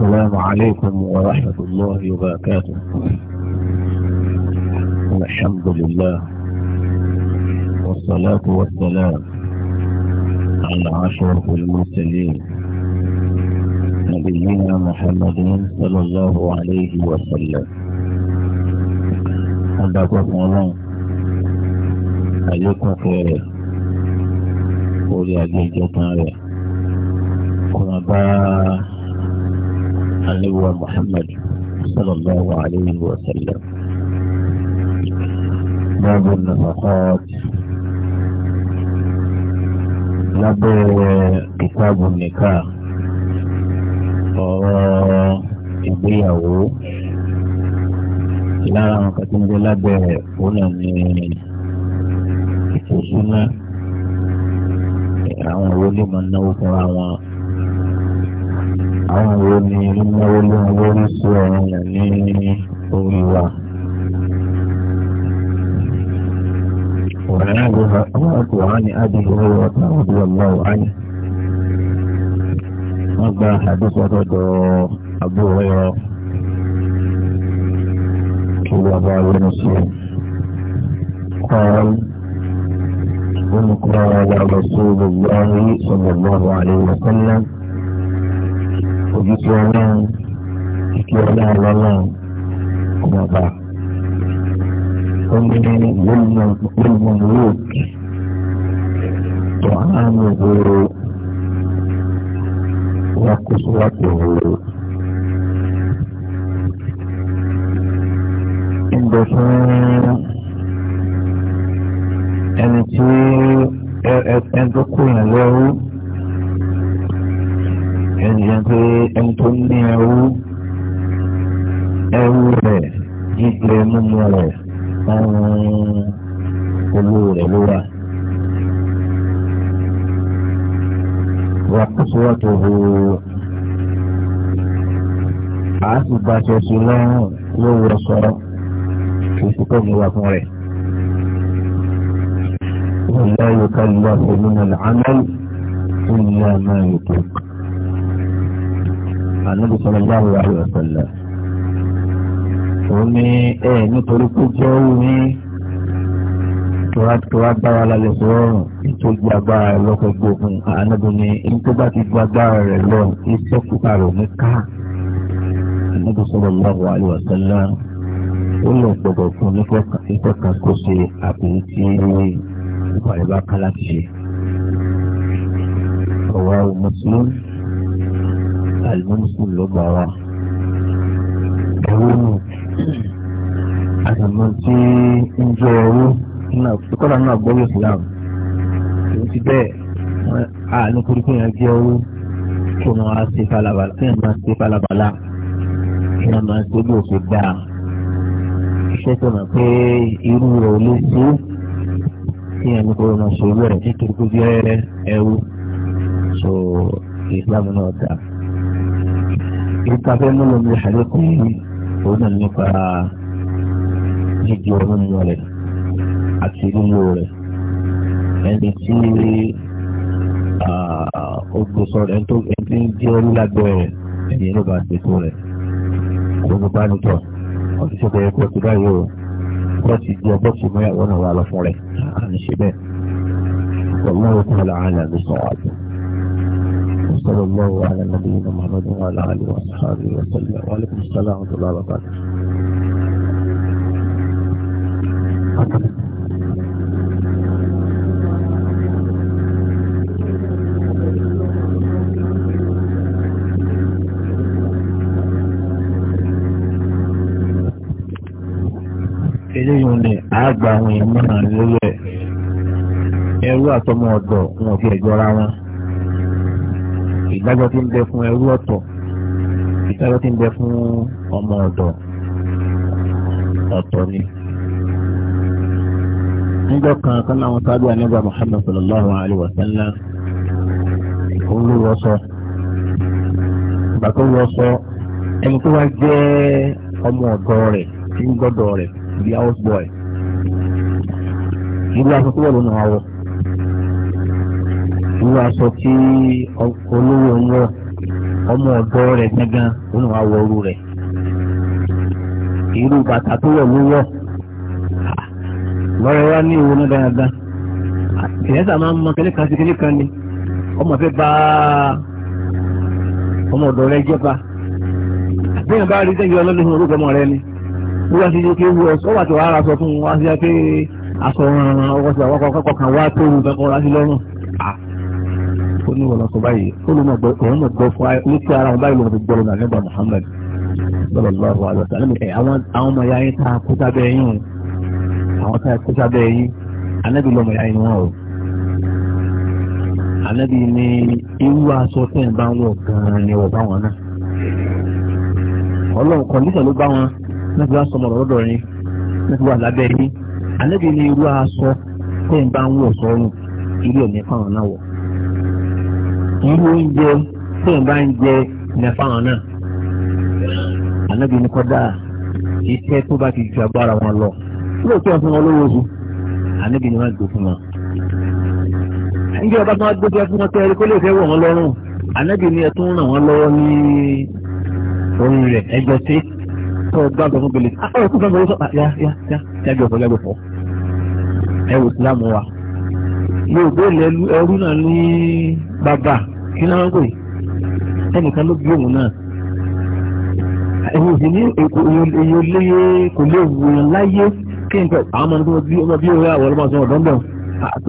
السلام عليكم ورحمة الله وبركاته الحمد لله والصلاة والسلام على عشرة المرسلين نبينا محمد صلى الله عليه وسلم أدعوكم الله عليكم خير قولي أجل جتنا كنا àníwá محمد صلى الله عليه وسلم. Báwo ni Fakọ́t lábẹ́ kìtàbù nìkà ọ̀rọ̀ ìgbéyàwó lára àwọn kan tí ń gbé lábẹ́ rẹ̀ òun náà ní ìfòsúná àwọn owó lè máa náwó fúnra wọn àwọn wo ni náwó lé wọn lórí sí ọ̀run yẹn ní orí wa. وعنابها أمرت عن أبي هريرة رضي الله عنه أربع حديث وتدعو أبو هريرة كل أبو مسلم قال قال رسول الله صلى الله عليه وسلم àfojúsí ọlọ́run kíkí ọlọ́run lọ́lọ́run kò má bà. ó ní wọ́lùmọ̀lùwòk tó àánú ìgboro wọ́n kó síwájú ìgboro. ìgbà fún ẹni tí ẹni tó kú yàn lẹ́rú ìyẹn ti yẹn pé ẹni tó ní ẹrú ẹrú rẹ̀ jíjẹ mímu rẹ̀ ọrùn olú rẹ̀ ló wà. wà kóṣùwọ́tò hù á sì bá aṣọ sí lọ́rùn yóò wọ kì í sì mi wà fún rẹ̀. ولا يكلف من العمل إلا ما يطيق ànábì sallallahu alaihi wasallam. òun ní ẹ nítorí pé jẹ́ omi tọ́wá bára lálẹ́ sọ́rùn nítorí agbára rẹ̀ lọ́kọ̀ gbógun ànábì ní ẹni tó bá ti gba agbára rẹ̀ lọ iṣẹ́ kúta rẹ̀ ní ká. ànábì sallallahu alaihi wasallam ó lè kan kó ṣe àbí tí ìpàdé bá kálá ti àlùmọ́nìkù ló gbà wá. Ẹ̀wọ́n nù àtàmọ́ tí ń jẹ owó kọ́lá náà gbọ́ yóò fìlàmù. Èyí ti bẹ́ẹ̀ a ní kúrú kí èèyàn jẹ owó kí wọ́n máa ṣe falabala kí wọ́n máa ṣe falabala kí wọ́n máa ṣe bí òkè dáa. Iṣẹ́ tó nà pé irú rẹ̀ ò lè ṣe é kí ní kúrú máa ṣe owó rẹ̀ nítorí kó jẹ́ ẹrú. So ìsìlámù náà dáa ìta fẹ́ mú lómi àlékún yìí òun náà nípa jíjẹ ọmọ nínú rẹ̀ àti lílo rẹ̀ ẹni tí ó gbé sọ̀rọ̀ ẹni tó ẹni jẹ́ orí lábẹ́ rẹ̀ ẹni ló bá ṣètò rẹ̀ òun bá ní tọ̀ ọtí tó bẹ̀rẹ̀ pọ̀ tó báyìí o bọ́ọ̀sì jẹ́ bọ́ọ̀sì mọ́ ìyàwó náà wà lọ fún rẹ̀ àníṣe bẹ́ẹ̀. والله تعالى أعلم بالصواب وصلى الله على نبينا محمد وعلى اله وصحبه وسلم وعليكم السلام ورحمه الله وبركاته eléyìí ni àgbà àwọn èèyàn náà lórí ẹ ẹrú àtọmọ ọ̀dọ̀ wọn ò fi ẹjọ́ ra ìdájọ́ tí ń bẹ fún ẹrú ọ̀tọ̀ ìdájọ́ tí ń bẹ fún ọmọ ọ̀dọ̀ ọ̀tọ̀ ni. níjọ́ kan kan láwọn sáájú àníbà Muhammad sallallahu alayhi wa sallam òun ló wọ sọ ìgbà tó wọ sọ ẹni tó wá jẹ́ ọmọ ọ̀dọ̀ rẹ̀ tí ń gbọ́dọ̀ rẹ̀ bíi house boy níbi aṣọ tó wọ̀ lónà wa wọ̀ irú aṣọ tí olówó ń wọ ọmọ ọ̀dọ́ rẹ̀ gangan òun wà wọ̀ọ́rù rẹ̀ irú bàtà tó wọ̀ ló wọ̀ lọ́rọ̀ wa ní ìwo náà dáadáa ìyẹ́sà máa ń mọ kẹ́lẹ́ kan sí kẹ́lẹ́ kan ni ọmọ fẹ́ bá ọmọ ọ̀dọ́ rẹ jẹ́ bá bá rí sẹ́yìn ọlọ́dún orúkọ ọmọ rẹ ni ó wá sí ike wú ọ̀sọ́ wà tó wàá ra sọ fún wa sí ake aṣọ ọ̀ràn ọkọ̀ ọkọ̀ kan wá tó wù fẹ́ kọ́ ra sí ó ní ìwọ̀n sọ báyìí ó lè mọ̀ òun mọ̀ gbọ́ fún ní tí ara wọn báyìí ló ti gbọ́rọ̀ náà nígbà Muhammad lọ́wọ́ lọ́wọ́ àwọn ọ̀sán lẹ́nu ẹ̀ àwọn ọmọ ya yín tá a kó sábẹ́ yín o àwọn tá a kó sábẹ́ yín anábì lọ́mọ ya yín wọn o anábì ní irú aṣọ tẹ̀ ń bá wọn gan ni wọ́n bá wọn náà ọlọ́run kọ̀ǹdíṣàn ló bá wọn náà fi sọmọ lọ́dọ̀ yín náà fi wà yín anábì ní irú aṣọ tẹ̀ ń bá wọn sọ̀rùn irú ẹ̀ ní irú oúnjẹ tí wọn bá ń jẹ ilẹ̀ fáwọn náà ànábi ní kọ́dà iṣẹ́ tó bá ti ju agbára wọn lọ lóòótọ́ fún wọn lówó oṣù ànábi ní wọn gbé fún wọn. níbi ọba tí wọn gbé fún wọn tẹ́lẹ̀ kó lè fẹ́ wọ̀ wọn lọ́rùn ànábi ní ẹ tún ràn wọn lọ́wọ́ ní orin rẹ̀ ẹjọ́ sí tó gbàgbọ́ fún gbèlè ọ̀rọ̀ kúfẹ́ mi ló sọ yá yá yá jágbé ọ̀fọ̀ jágbé ọ̀fọ̀ ẹ wò sílámù wa yóò bó lẹ́rú náà ní bàbá kí ló ń pè ẹnìkan ló gbé òun náà èyí sì ní èyí léyé kò lè wòyàn láyé kí n pẹ àwọn ọmọ nígbà bí ọmọ bí ọ̀rẹ́ àwọn ọlọmọ sọ̀rọ̀ dọndọn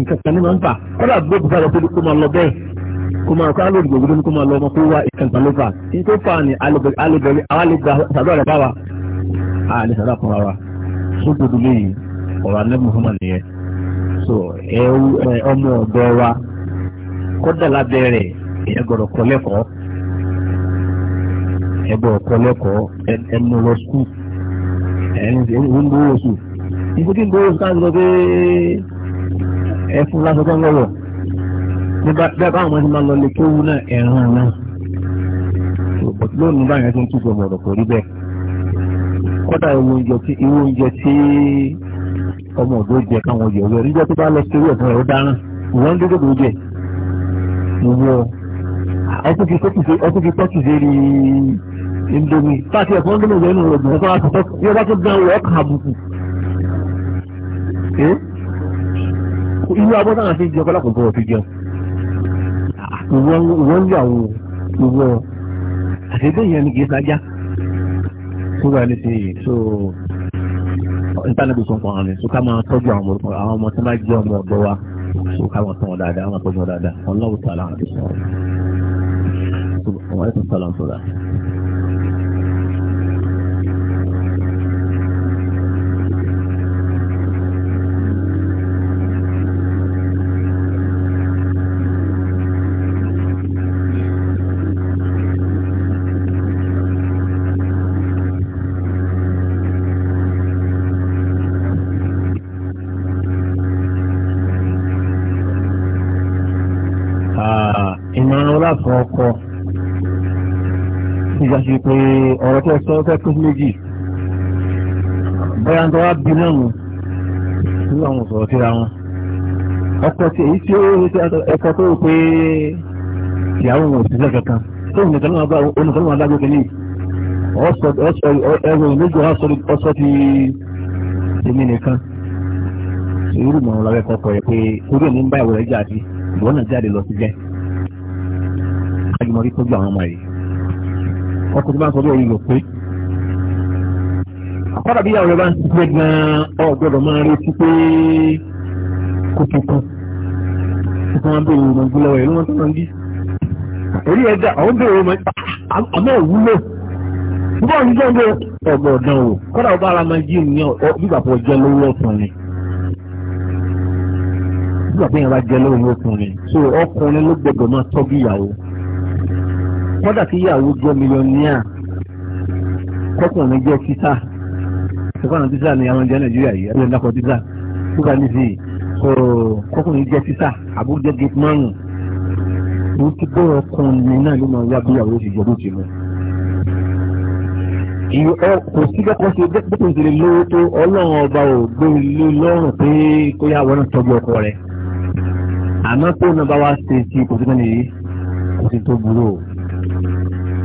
nǹkan kan ní máa ń fà kódà gbé bùkà lọ pé kó máa lọ bẹ́ẹ̀ kó máa kó alóòdìgbò gbé kó máa lọ ọmọ kó wá ìkàǹkà ló fà ní tó fà ní alẹ́bẹ̀rẹ̀ alẹ́gbà sàdúrà rẹ̀ bá wa alẹ́ sàdúrà kan wa sókòtò lẹ́yìn ọ̀rọ̀ alẹ́ Muhammad nìyẹn so ẹ ọmọ ọ̀dọ́ wa kódà lábẹ́ rẹ̀ ẹ gbọ́dọ̀ kọ́ lẹ́kọ̀ọ́ ẹ gbọ́dọ̀ kọ́ lẹ́kọ̀ọ́ ẹ mú lọ sùn ẹ ń gbowó sùn ń gbowó sùn káàkiri lọ pé ẹ lásán lọ́wọ́ bẹ́ẹ̀ báwọn ti máa lọ lè náà náà lónìí báyìí rí bẹ́ẹ̀ kọ́dà oúnjẹ tí ọmọ ọ̀dọ́ jẹ káwọn tó bá lọ ọtún fi tọ́kì lérí indomie pàtí ẹ̀fọ́ indomie lẹ́nu ọ̀gbìn ẹ̀fọ́ àti tọ́kì yóò bá tó dán wọ́ ọkà àbùkù ilé abọ́ náà fi jẹ ọkọ́lá kòkòrò fi jẹun ìwọ́n ń yà wò ìwọ́ àtẹ́gbẹ́ yẹn ni kìí sájá tó wà ní sèyí so ìtànàbí sọ fún àwọn so ká máa tọ́jú àwọn ọmọ tó máa jẹ́ ọmọ ọ̀dọ́ wa so ká máa tọ́ wọn dáadáa wọn tọ́jú wọn dáadáa ọlọ́wọ́ tó àlàáfíà alaikum wa alaikum salam pọ̀ sọ fẹ́ pín méjì bóyá tó wá bí náà nù sí àwọn sọ̀rọ̀ síra wọn ọkọ̀ tí èyí tí ó rí sí ẹ̀kọ́ tó rò pé ìyàwó wọn ò sí lẹ́kẹ̀ẹ́ kan tó nìkan náà bá onìkan náà bá gbẹ́kẹ̀ níyì ẹ̀rọ ìlójú ọ̀sọ́ ti tèmi nìkan irú mọ̀ ọ́n lọ́wọ́ kọ́kọ́ yẹ pé orí òní ń bá ìwé rẹ̀ jáde ìwọ náà jáde lọ sí jẹ́ ajumọ̀rí tó gbà wọn mọ̀ yìí ọkùnrin bá ń sọ bí orí rò pé kọ́dà bí ìyàwó rẹ̀ bá ń ṣiṣẹ́ gan-an ọ̀ máa retí pé kò tuntun tuntun wọn bèrè ìrìnàjò lọ́wọ́ ẹ̀ lọ́wọ́ tó máa ń bí. èyí ẹ̀ àwọn bèrè ọmọ àmọ́ ìwúlò bọ́ọ̀ ní jẹ́ ọgbọ̀n ọ̀dàn o kọ́dà ọba ara máa jí ìyẹn bíbà pọ̀ jẹ́ lówó ọkùnrin bíbà pọ̀ yẹn bá jẹ́ lówó ọkùnrin so ọkùnrin ló gbọdọ̀ máa tọ́jú ìyàwó kọ́dà kí ìyàwó jẹ́ mílíọ̀nìyà kọ́kùnrin jẹ́ títà ṣùgbọ́n tíṣà ni àwọn jẹ́ nàìjíríà yìí ẹgbẹ́ ńlá kọ tíṣà ṣùgbà ní sí kọkùnrin jẹ́ tíṣà àbúrò jẹ́ gate márùn ún ti bọ́ọ̀ ọkùnrin náà ló máa wá bí àwọn oṣù jọ́dún jù lọ. kò sí bẹ́ẹ̀ ṣe bẹ́ẹ̀ ṣe lè lówó tó ọlọ́run ọba ò gbé ilé lọ́rùn pé kó yá wọn tọ́jú ọkọ rẹ̀ àmọ́ tó náà bá wá ṣe ti kò sí mẹ́rin kò sí tó burú o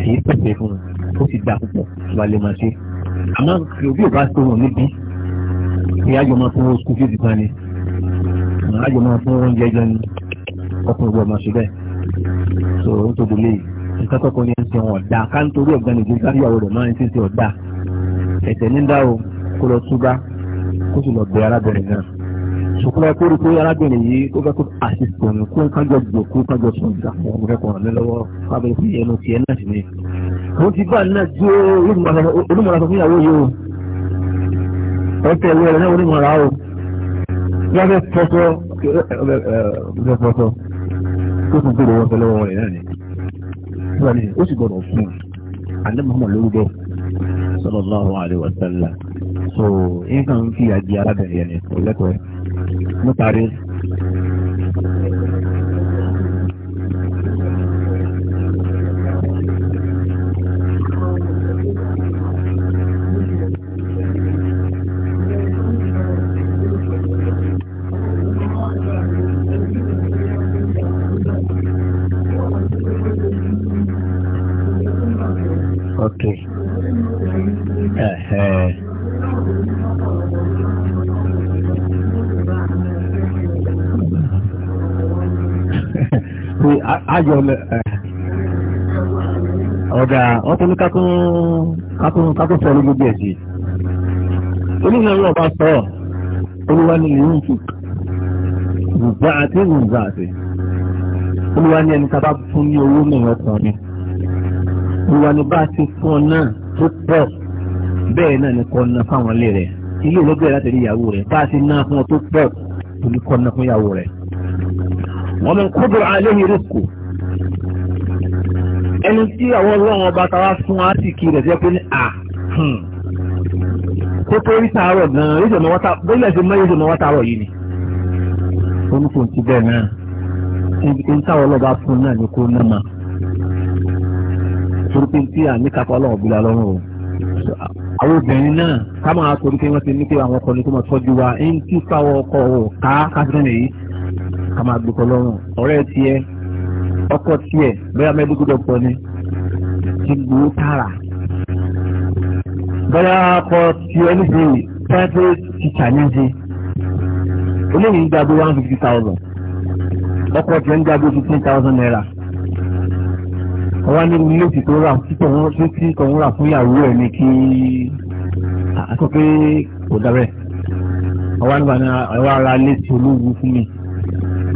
èyí pèsè fún un ó sì dà púpọ̀ wálé máa ṣe àmọ́ òbí ò bá tó wọn níbí ìyá jọ máa fún wọn sukùl fífi kan ni ìyá jọ máa fún wọn jẹjọ ni ọkùnrin gbọ́dọ̀ máa ṣe bẹ́ẹ̀ so ó tóbi léyìí ìkẹ́kọ̀ọ́ ní ẹ̀sìn ọ̀dà ká nítorí ọ̀gá nìgbè káríyàwó rẹ̀ máa ń ṣe ọ̀dà ẹ̀sẹ̀ ní o kó lọ túbá kó sì lọ bẹ arábìnrin náà ṣùkúrọ̀ kó rí pé arábìnrin yìí ó fẹ́ kó àṣìṣe òun kó kájọ gbò kó kájọ sùn ìgbà fún ọmọ rẹ̀ kọ̀ọ̀rọ̀ mo ti bá náà ju onímọ̀ra sọ fún ìyàwó yìí o ẹ tẹ̀lé ẹ̀rọ náà onímọ̀ra o wọ́n fẹ́ fọ́sọ́ fẹ́ fọ́sọ́ tó tún gbèrò wọn fẹ́ lọ́wọ́ rẹ̀ náà ni wọ́n ní ó sì gbọ́dọ̀ fún un àná mọ̀mọ́ lórí bẹ́ẹ̀ sallallahu alaihi wa sallam so nǹkan fi àjẹ arábìnrin yẹn ni kò mọ́tàrí ayọ̀ eh, ọ̀dà ọ̀tún kákún kákún sọ̀rọ̀ gbogbo ẹ̀ sí. olùwà ni ọba sọ olùwà ni ìlú ń tùk nùgbà àti nùgbà àti olùwà ni ẹni ká bá fún ní owó mẹ́rin ọkùnrin olùwà ni bá ti fún ọ náà tó pọ̀ bẹ́ẹ̀ náà ni kọ́ ná fáwọn ilé rẹ̀ ilé ìlọ́gbẹ̀rẹ̀ láti rí ìyàwó rẹ̀ bá ti ná fún ọ tó pọ̀ olùkọ́ ná fún ìyàwó rẹ̀ wọ́n mọ̀ kúndùn àléhìn rìsíkù ẹni tí àwọn ọlọ́run ọba tara fún àtìkì rẹ̀ jẹ́ pé ní à hmm, kó tó rí tààrọ̀ gan-an yóò jẹ̀mọ́ wọ́tà bóyá ẹ̀sìn mọ́ yóò jẹ̀mọ́ wọ́tà rọ̀ yìí ni. oníkùn ti bẹ́ẹ̀ náà ẹni táwọn ọlọ́ba fún náà ni kó náà máa torí pé tí àníkàkọ́ ọlọ́run bí la o àwọn obìnrin náà ká máa torí pé wọ́n ti ní pé àwọn ọkọ ni kó máa tọ́jú wa ẹni tí fáwọn ọkọ ò ká kásìkò ká máa gbé kọlọ́rùn ọ̀rẹ́ tiẹ̀ ọkọ tiẹ̀ bóyá mẹ́díkù dọ́pọ̀ ni ti gbó tààrà bóyá ọkọ tiẹ̀ níbi private teacher níbi eléyìí ń gba bí one fifty thousand ọkọ tiẹ̀ ń gba bí fifteen thousand naira ọwọ́ ní ilé tí tó rà tí tòun rà fún ìyàwó ẹ̀ ní kí àtọ́ pé kò dábẹ́ ọwọ́ nígbà náà ẹ̀wọ́ ara lé ti olówó fún mi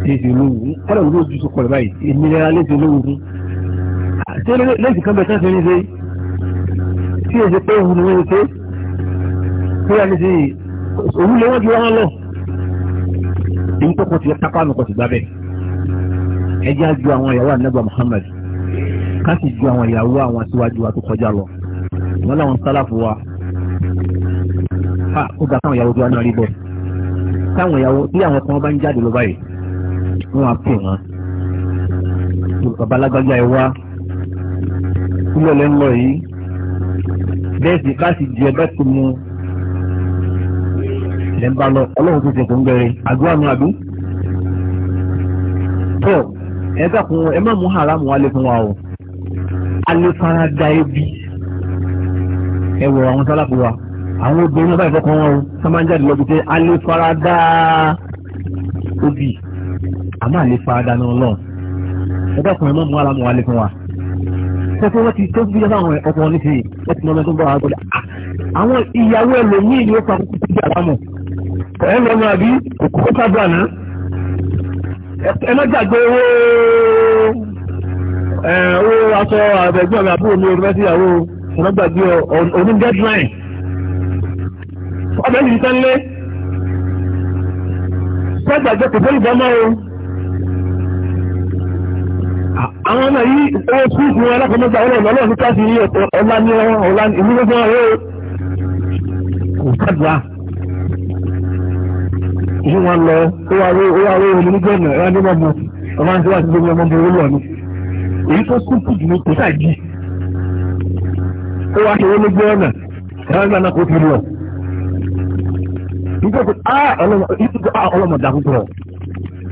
ṣe olówó kọ́lá òun ló ju so pọ̀lọ̀ báyìí ìnira lè ṣe olówó fún. ṣé lẹ́sì kan bẹ̀ sáfẹ́ ní ṣe tí èsì pé òun ni wọ́n ṣe pé a lè ṣe òun lè wọ́n ju wọn lọ. èyí tó kọ ti tapá àmì kọ ti gbá bẹ́ẹ̀. ẹ jẹ́ àwọn ìyàwó ànágbà Muhammad ká sì ju àwọn ìyàwó àwọn aṣíwájú wa tó kọjá lọ. wọ́n láwọn sálàfù wa ó ga káwọn ìyàwó tó wá náà rí bọ̀ táwọn ìyàwó tí àwọn kan bá ń jáde lọ báyìí wọn á pè wọn bàbá alágbájá ẹ wá kúlọ̀ lẹ́ ń lọ yìí bẹ́ẹ̀ sì bá sì jẹ bẹ́ẹ̀ tó mu lẹ́ ń bá lọ ọlọ́run tó ṣe kó ń gbẹ̀rẹ̀ àdúrà nu àbí. tọ́ ẹ dákun ẹ má mú haramu wálé fún wa o alẹ́ fara da ebi ẹ wọ àwọn sálàpù wa àwọn obìnrin náà báyìí fọkàn wọn o sọ máa ń jáde lọ bí pé alẹ́ fara da obì àmọ́ àlè farada náà lọ ẹgbẹ́ ọkùnrin mọ́ mú ara mọ́ wa lé fún wa pẹ́pẹ́ wọ́n ti tó bí yẹn fáwọn ọkọ̀ ní sèé wọ́n ti mọ ọmọdé ń bọ̀ àgọ́dà ah, àwọn ìyàwó ẹlòmíì ni ó fa kúkú síbi àbámọ̀ ẹ lọ mọ àbí òkú kó sábà àná ẹ má gbàgbé owó owó aṣọ àbẹ̀gbọ́n mi àbúrò mi òrùbẹ́ síyàwó ẹ má gbàgbé oní deadline ọbẹ̀ yìí tán lé sọ́gbàgbé kò fẹ́ ìbámọ́ o. àwọn ọmọ yìí owó sí ìfún alákọ̀ọ́mọ́gbà ọlọ́run ọlọ́run ní káàkiri ní ọ̀tọ̀ ọlá ní ọlá ìlú gbogbo ọ̀rẹ́ kò sádùá yìí wọn lọ ó wà ró òní nígbẹ̀nà ẹ̀rọ ní ọmọ ọmọ àti wàá ti ọmọ èyí tó kò ó ṣe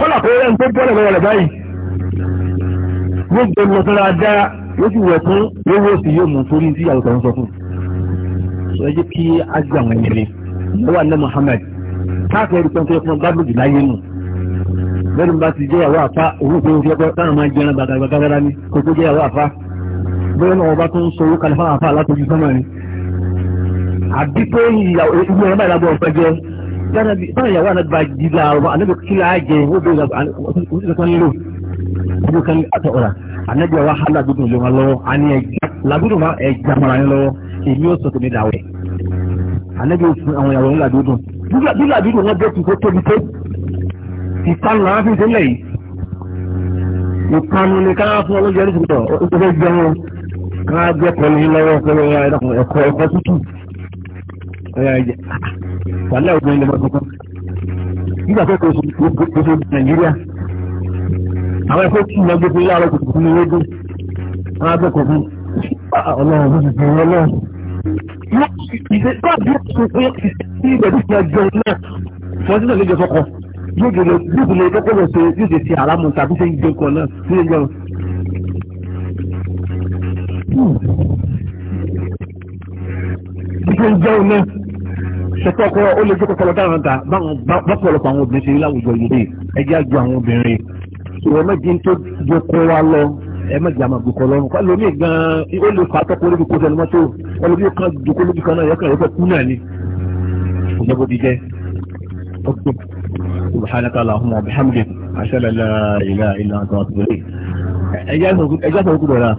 kọ́lá kó rẹ̀ ń tó bọ́lẹ̀ lọ́wọ́ rẹ̀ báyìí yóò jẹ́ lọ tó dáadáa yóò sì wẹ̀ fún yóò wò sí yóò mú torí tí ìyàwó tó ń sọ fún sọ ẹ jẹ́ kí á gbé àwọn ẹ̀yìn rẹ̀ lọ́wọ́ alẹ́ Muhammad káàkiri ẹ̀rí pẹ́ńtẹ́ fún gbádùn jù láyé nù bẹ́ẹ̀ni bá ti jẹ́ ìyàwó àfa òun kò fi ọkọ táwọn máa jẹun gbàgbàgbàgbàgbà ni kò tó jẹ́ ìyàwó àfa bẹ́ẹ̀ náà ọba tó ń sọ owó kalẹ̀ fáwọn àfa alátojú sọ́mọ́ ni àbí pé ìyàwó ìgbìmọ̀ dáadáa báwo ìyàwó ànágbà jí láàárọ̀ ànágbà kí láà jẹ ó bẹ ìgbà kan lò ó kan àtọ̀ ọ̀rà ànágbà wa hàn làgùdùn lé wọn lọ́wọ́ àní ẹ̀já làgùdùn máa ẹ̀já mara yín lọ́wọ́ èmi ó sọ̀tò mi dàwẹ̀ ànágbà fún àwọn ìyàwó ńlá dúdùn dúdà dúdùn wọn bẹ́ẹ̀ tó tóbi tó ìpanu làwọn fi ń sílẹ̀ yìí ìpanu ni káwọn fún ọlọ́jọ́ ní sùkúrọ̀ ó fẹ́ jẹun káwọn gbẹ́kọ̀ọ́ ní lọ́wọ́ ẹ̀kọ́ ẹ̀kọ́ tútù wàhálà ògbọ́n ilẹ̀ mọ́tò kan nígbà tó kóso kóso nàìjíríà àwọn ẹ̀fọ́ tí ìyá gbẹ́fẹ́ láàárọ̀ kòtò fún mi wéjú wọn á bẹ̀ kọ̀ fún ọlọ́run ló ti fún ọlọ́run. Ìgbésẹ̀ bí o ṣe pé ìbẹ̀rù ti ọjọ́ náà fọ́jú náà lè jẹ fọkọ̀ yóò jẹ lọ yóò jẹ lọ kọ́kọ́ lọ ṣe yóò jẹ ti àrámù tàbí ṣe ń jẹ kan náà sí ẹjọ́. Hmm. Bí ṣe ń jẹun náà ṣètò ọkọ ó lè jókòó kọlọ dáhùn ta bọ́pọ̀lọpọ̀ àwọn obìnrin ṣe rí láwùjọ yìí dé ẹjẹ́ àjọ àwọn obìnrin ìwọ méjì tó jókòó wa lọ ẹ méjì àmà gbòkọ lọ́rùn kọ́ lómi gan ó lè fà á tọ́kọ olóbi kó sẹ́nu mọ́tò olóbi kan jókòó lóbi kan náà yẹ kàn yẹ fẹ́ kú náà ni. ìjọba ti jẹ ọgbẹ subhanaka